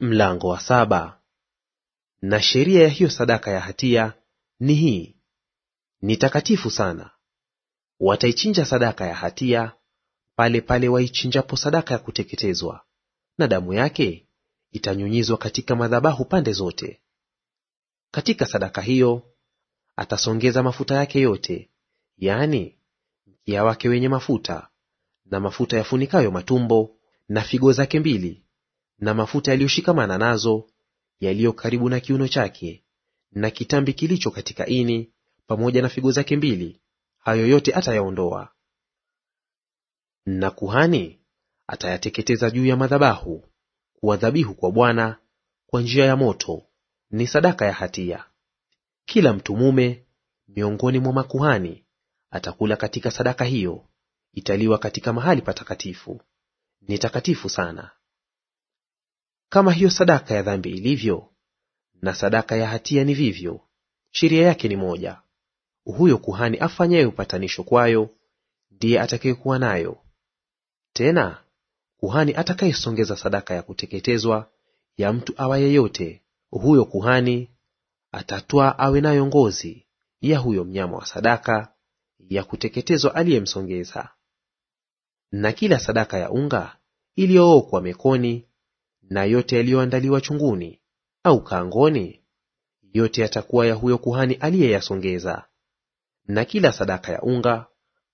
Mlango wa saba. Na sheria ya hiyo sadaka ya hatia ni hii, ni takatifu sana. Wataichinja sadaka ya hatia pale pale waichinjapo sadaka ya kuteketezwa, na damu yake itanyunyizwa katika madhabahu pande zote. Katika sadaka hiyo atasongeza mafuta yake yote, yaani mkia wake wenye mafuta na mafuta yafunikayo matumbo na figo zake mbili na mafuta yaliyoshikamana nazo yaliyo karibu na kiuno chake, na kitambi kilicho katika ini, pamoja na figo zake mbili; hayo yote atayaondoa. Na kuhani atayateketeza juu ya madhabahu kuwa dhabihu kwa Bwana kwa njia ya moto; ni sadaka ya hatia. Kila mtu mume miongoni mwa makuhani atakula katika sadaka hiyo; italiwa katika mahali patakatifu; ni takatifu sana. Kama hiyo sadaka ya dhambi ilivyo, na sadaka ya hatia ni vivyo, sheria yake ni moja. Huyo kuhani afanyaye upatanisho kwayo ndiye atakayekuwa nayo. Tena kuhani atakayesongeza sadaka ya kuteketezwa ya mtu awa yeyote, huyo kuhani atatwaa awe nayo ngozi ya huyo mnyama wa sadaka ya kuteketezwa aliyemsongeza. Na kila sadaka ya unga iliyookwa mekoni na yote yaliyoandaliwa chunguni au kangoni yote yatakuwa ya huyo kuhani aliyeyasongeza. Na kila sadaka ya unga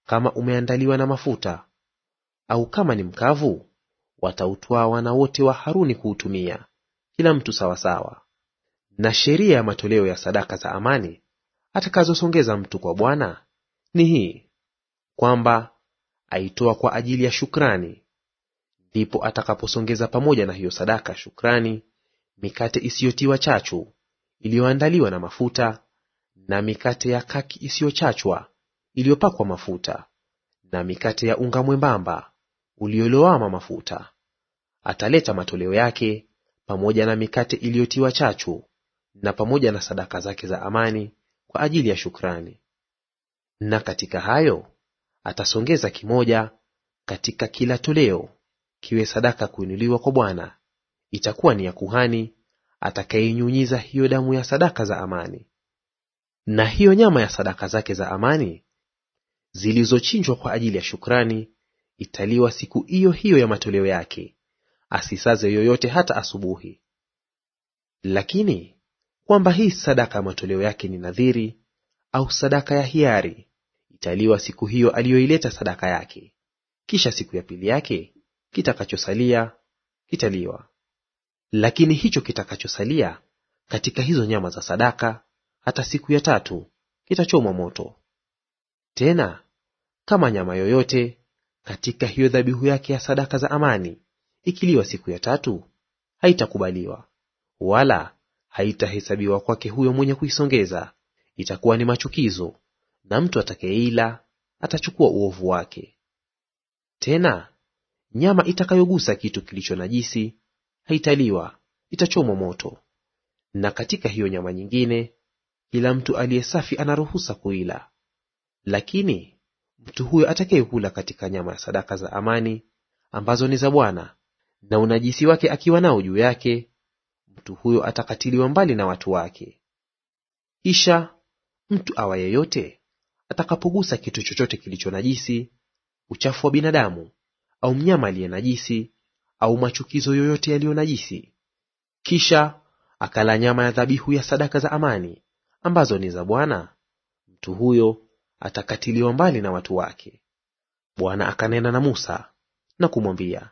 kama umeandaliwa na mafuta au kama ni mkavu, watautwaa wana wote wa Haruni kuutumia, kila mtu sawasawa. Na sheria ya matoleo ya sadaka za amani atakazosongeza mtu kwa Bwana ni hii, kwamba aitoa kwa ajili ya shukrani ndipo atakaposongeza pamoja na hiyo sadaka shukrani mikate isiyotiwa chachu iliyoandaliwa na mafuta na mikate ya kaki isiyochachwa iliyopakwa mafuta na mikate ya unga mwembamba uliolowama mafuta. Ataleta matoleo yake pamoja na mikate iliyotiwa chachu na pamoja na sadaka zake za amani kwa ajili ya shukrani. Na katika hayo atasongeza kimoja katika kila toleo kiwe sadaka kuinuliwa kwa Bwana, itakuwa ni ya kuhani atakayenyunyiza hiyo damu ya sadaka za amani. Na hiyo nyama ya sadaka zake za amani zilizochinjwa kwa ajili ya shukrani italiwa siku hiyo hiyo ya matoleo yake; asisaze yoyote hata asubuhi. Lakini kwamba hii sadaka ya matoleo yake ni nadhiri au sadaka ya hiari, italiwa siku hiyo aliyoileta sadaka yake. Kisha siku ya pili yake kitakachosalia kitaliwa. Lakini hicho kitakachosalia katika hizo nyama za sadaka hata siku ya tatu kitachomwa moto. Tena kama nyama yoyote katika hiyo dhabihu yake ya sadaka za amani ikiliwa siku ya tatu, haitakubaliwa wala haitahesabiwa kwake huyo mwenye kuisongeza; itakuwa ni machukizo, na mtu atakayeila atachukua uovu wake. Tena Nyama itakayogusa kitu kilicho najisi haitaliwa, itachomwa moto. Na katika hiyo nyama nyingine, kila mtu aliye safi anaruhusa kuila. Lakini mtu huyo atakayekula katika nyama ya sadaka za amani ambazo ni za Bwana, na unajisi wake akiwa nao juu yake, mtu huyo atakatiliwa mbali na watu wake. Kisha mtu awa yeyote atakapogusa kitu chochote kilicho najisi, uchafu wa binadamu, au mnyama aliye najisi au machukizo yoyote yaliyo najisi. Kisha akala nyama ya dhabihu ya sadaka za amani ambazo ni za Bwana, mtu huyo atakatiliwa mbali na watu wake. Bwana akanena na Musa na kumwambia,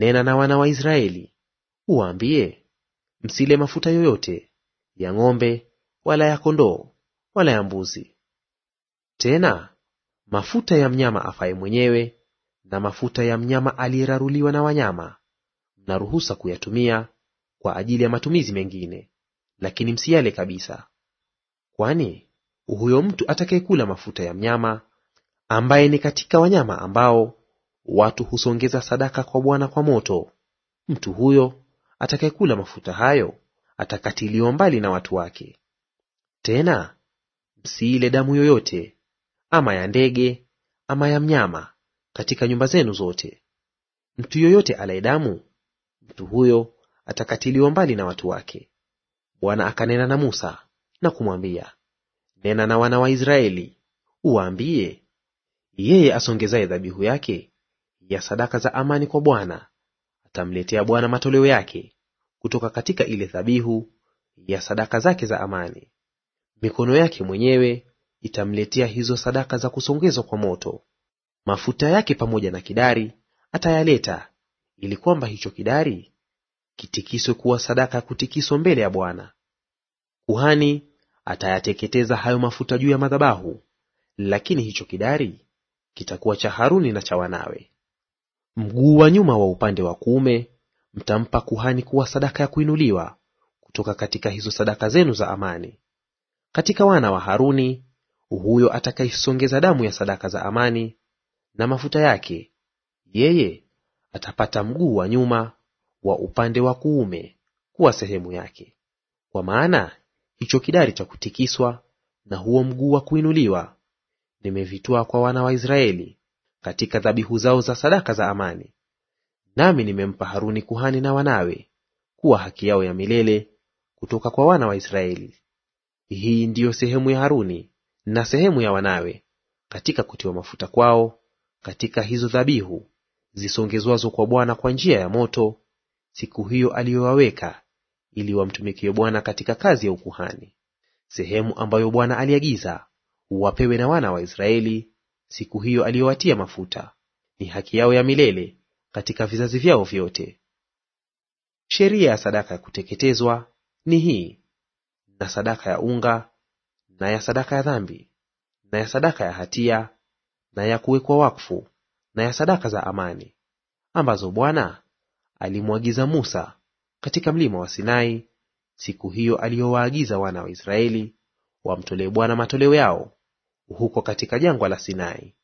nena na wana wa Israeli uwaambie, msile mafuta yoyote ya ng'ombe wala ya kondoo wala ya mbuzi, tena mafuta ya mnyama afaye mwenyewe na mafuta ya mnyama aliyeraruliwa na wanyama mnaruhusa ruhusa kuyatumia kwa ajili ya matumizi mengine, lakini msiyale kabisa. Kwani huyo mtu atakayekula mafuta ya mnyama, ambaye ni katika wanyama ambao watu husongeza sadaka kwa Bwana kwa moto, mtu huyo atakayekula mafuta hayo atakatiliwa mbali na watu wake. Tena msiile damu yoyote, ama ya ndege ama ya mnyama katika nyumba zenu zote. Mtu yoyote alaye damu, mtu huyo atakatiliwa mbali na watu wake. Bwana akanena na Musa na kumwambia, nena na wana wa Israeli uwaambie, yeye asongezaye dhabihu yake ya sadaka za amani kwa Bwana atamletea Bwana matoleo yake kutoka katika ile dhabihu ya sadaka zake za amani. Mikono yake mwenyewe itamletea hizo sadaka za kusongezwa kwa moto mafuta yake pamoja na kidari atayaleta, ili kwamba hicho kidari kitikiswe kuwa sadaka ya kutikiswa mbele ya Bwana. Kuhani atayateketeza hayo mafuta juu ya madhabahu, lakini hicho kidari kitakuwa cha Haruni na cha wanawe. Mguu wa nyuma wa upande wa kuume mtampa kuhani kuwa sadaka ya kuinuliwa kutoka katika hizo sadaka zenu za amani. Katika wana wa Haruni, huyo atakaisongeza damu ya sadaka za amani na mafuta yake, yeye atapata mguu wa nyuma wa upande wa kuume kuwa sehemu yake. Kwa maana hicho kidari cha kutikiswa na huo mguu wa kuinuliwa nimevitoa kwa wana wa Israeli katika dhabihu zao za sadaka za amani, nami nimempa Haruni kuhani na wanawe kuwa haki yao ya milele kutoka kwa wana wa Israeli. Hii ndiyo sehemu ya Haruni na sehemu ya wanawe katika kutiwa mafuta kwao katika hizo dhabihu zisongezwazo kwa Bwana kwa njia ya moto siku hiyo aliyowaweka ili wamtumikie Bwana katika kazi ya ukuhani, sehemu ambayo Bwana aliagiza wapewe na wana wa Israeli siku hiyo aliyowatia mafuta; ni haki yao ya milele katika vizazi vyao vyote. Sheria ya sadaka ya kuteketezwa ni hii: na sadaka ya unga na ya sadaka ya dhambi na ya sadaka ya hatia na ya kuwekwa wakfu na ya sadaka za amani ambazo Bwana alimwagiza Musa katika mlima wa Sinai siku hiyo aliyowaagiza wana wa Israeli wamtolee Bwana matoleo yao huko katika jangwa la Sinai.